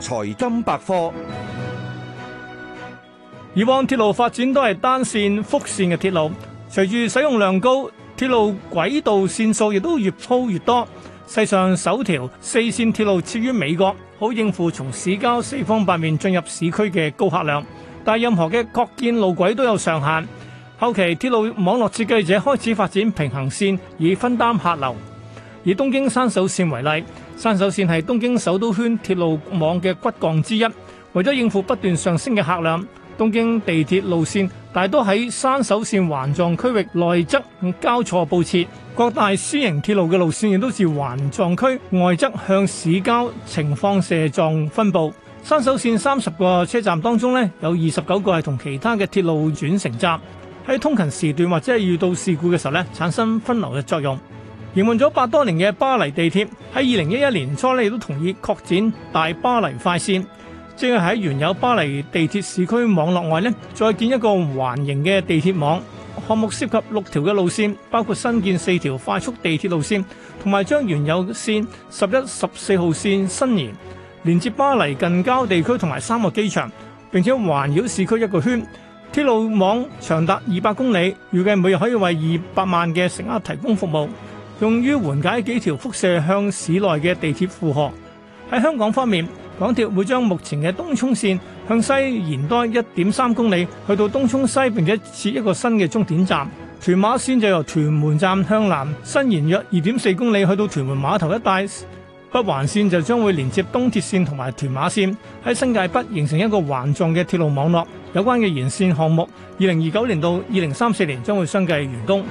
財金百科，以往鐵路發展都係單綫、複綫嘅鐵路，隨住使用量高，鐵路軌道綫數亦都越鋪越多。世上首條四綫鐵路設於美國，好應付從市郊四方八面進入市區嘅高客量。但任何嘅擴建路軌都有上限，後期鐵路網絡設計者開始發展平行綫以分擔客流。以東京山手線為例，山手線係東京首都圈鐵路網嘅骨幹之一。為咗應付不斷上升嘅客量，東京地鐵路線大多喺山手線環狀區域內側交錯佈設。各大私營鐵路嘅路線亦都是環狀區外側向市郊呈放射狀分佈。山手線三十個車站當中咧，有二十九個係同其他嘅鐵路轉乘站，喺通勤時段或者係遇到事故嘅時候咧，產生分流嘅作用。營運咗百多年嘅巴黎地鐵喺二零一一年初呢亦都同意擴展大巴黎快線，即係喺原有巴黎地鐵市區網絡外呢再建一個環形嘅地鐵網。項目涉及六條嘅路線，包括新建四條快速地鐵路線，同埋將原有線十一、十四號線伸延，連接巴黎近郊地區同埋三個機場。並且環繞市區一個圈，鐵路網長達二百公里，預計每日可以為二百萬嘅乘客提供服務。用於緩解幾條輻射向市內嘅地鐵負荷。喺香港方面，港鐵會將目前嘅東涌線向西延多一點三公里，去到東涌西，並且設一個新嘅終點站。屯馬線就由屯門站向南伸延約二點四公里，去到屯門碼頭一帶。北環線就將會連接東鐵線同埋屯馬線，喺新界北形成一個環狀嘅鐵路網絡。有關嘅延線項目，二零二九年到二零三四年將會相繼完工。